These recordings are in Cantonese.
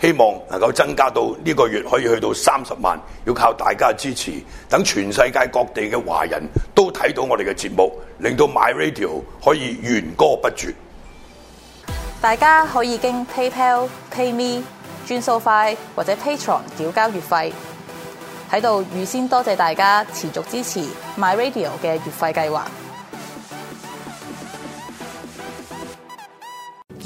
希望能夠增加到呢個月可以去到三十萬，要靠大家支持，等全世界各地嘅華人都睇到我哋嘅節目，令到 My Radio 可以源歌不絕。大家可以經 PayPal、PayMe、轉數快或者 Patreon 繳交月費，喺度預先多謝大家持續支持 My Radio 嘅月費計劃。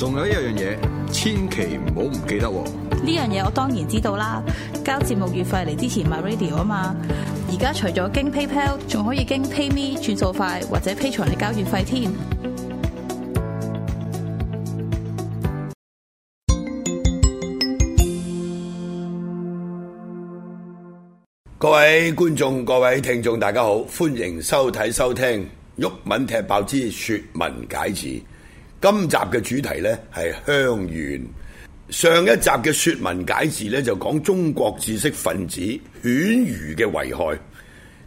仲有一樣嘢，千祈唔好唔記得喎！呢樣嘢我當然知道啦，交節目月費嚟支持 MyRadio 啊嘛！而家除咗經 PayPal，仲可以經 PayMe 轉數快，或者 Patreon 嚟交月費添。 各位觀眾、各位聽眾，大家好，歡迎收睇、收聽《毓民踢爆之説文解字》。今集嘅主題呢，係鄉願。上一集嘅說文解字呢，就講中國知識分子犬儒嘅危害。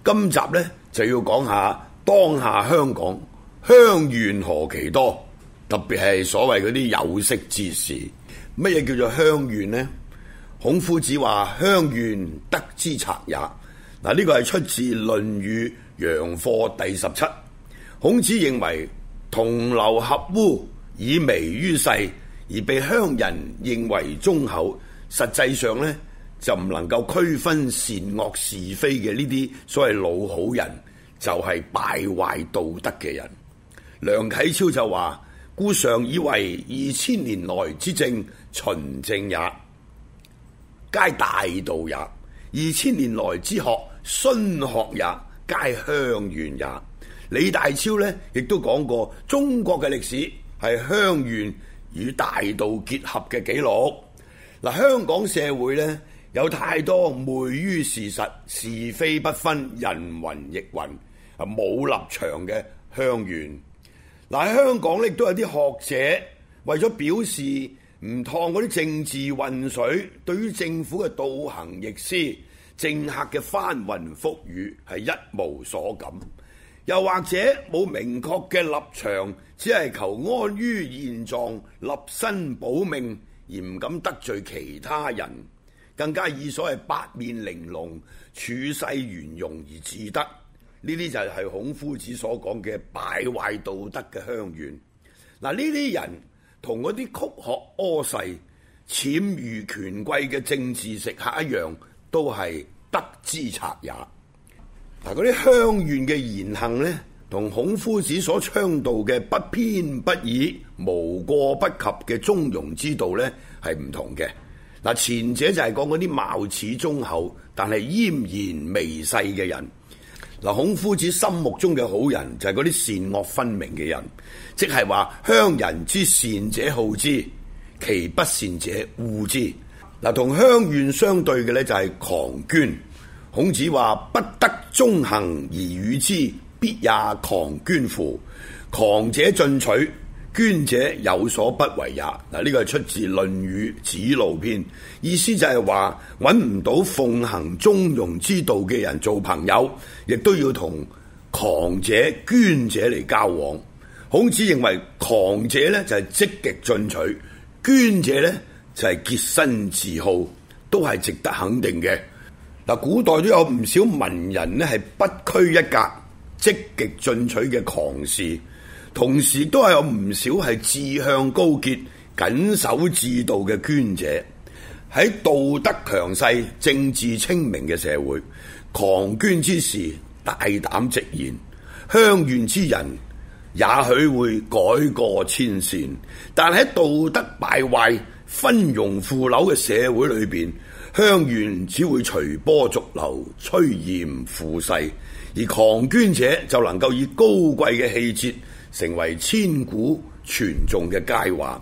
今集呢，就要講下當下香港鄉願何其多，特別係所謂嗰啲有識之士。乜嘢叫做鄉願呢？孔夫子話：鄉願，德之賊也。嗱，呢個係出自《論語》陽貨第十七。孔子認為同流合污。以媚於世，而被鄉人認為忠厚，實際上呢，就唔能夠區分善惡是非嘅呢啲所謂老好人，就係、是、敗壞道德嘅人。梁啟超就話：故常以為二千年來之政秦政也，皆大盜也；二千年來之學荀學也，皆鄉願也。李大釗呢，亦都講過中國嘅歷史，係鄉願與大道結合嘅記錄。嗱，香港社會呢，有太多昧於事實、是非不分、人云亦云、冇立場嘅鄉願。嗱，喺香港亦都有啲學者為咗表示唔趟嗰啲政治渾水，對於政府嘅倒行逆施、政客嘅翻雲覆雨係一無所感，又或者冇明確嘅立場。只係求安於現狀、立身保命，而唔敢得罪其他人，更加以所謂八面玲瓏、處世圓融而自得。呢啲就係孔夫子所講嘅敗壞道德嘅鄉願。嗱，呢啲人同嗰啲曲學阿世、潛於權貴嘅政治食客一樣，都係德之賊也。嗱，嗰啲鄉願嘅言行呢，同孔夫子所倡導嘅不偏不倚、無過不及嘅中庸之道呢，係唔同嘅。嗱，前者就係講嗰啲貌似忠厚但係閹然媚世嘅人。嗱，孔夫子心目中嘅好人就係嗰啲善惡分明嘅人，即係話鄉人之善者好之，其不善者惡之。嗱，同鄉願相對嘅呢，就係狂狷。孔子話：不得中行而與之。必也狂狷乎？狂者進取，狷者有所不為也。嗱，呢個係出自《論語·子路篇》，意思就係話揾唔到奉行中庸之道嘅人做朋友，亦都要同狂者、狷者嚟交往。孔子認為狂者呢就係積極進取，狷者呢就係潔身自好，都係值得肯定嘅。嗱，古代都有唔少文人呢，係不拘一格。積極進取嘅狂士，同時都係有唔少係志向高潔、緊守制度嘅狷者。喺道德強勢、政治清明嘅社會，狂狷之士，大膽直言。鄉願之人，也許會改過遷善，但喺道德敗壞、昏庸腐朽嘅社會裏邊，鄉願只會隨波逐流、趨炎附勢。而狂捐者就能夠以高貴嘅氣節成為千古傳頌嘅佳話。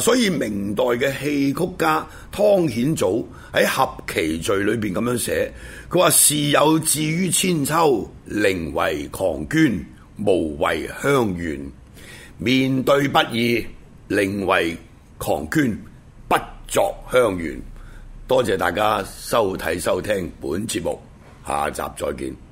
所以明代嘅戲曲家湯顯祖喺《合奇序》裏面咁樣寫，佢話：事有志於千秋，寧為狂捐，無為鄉願。面對不義，寧為狂捐，不作鄉願。多謝大家收睇收聽本節目，下集再見。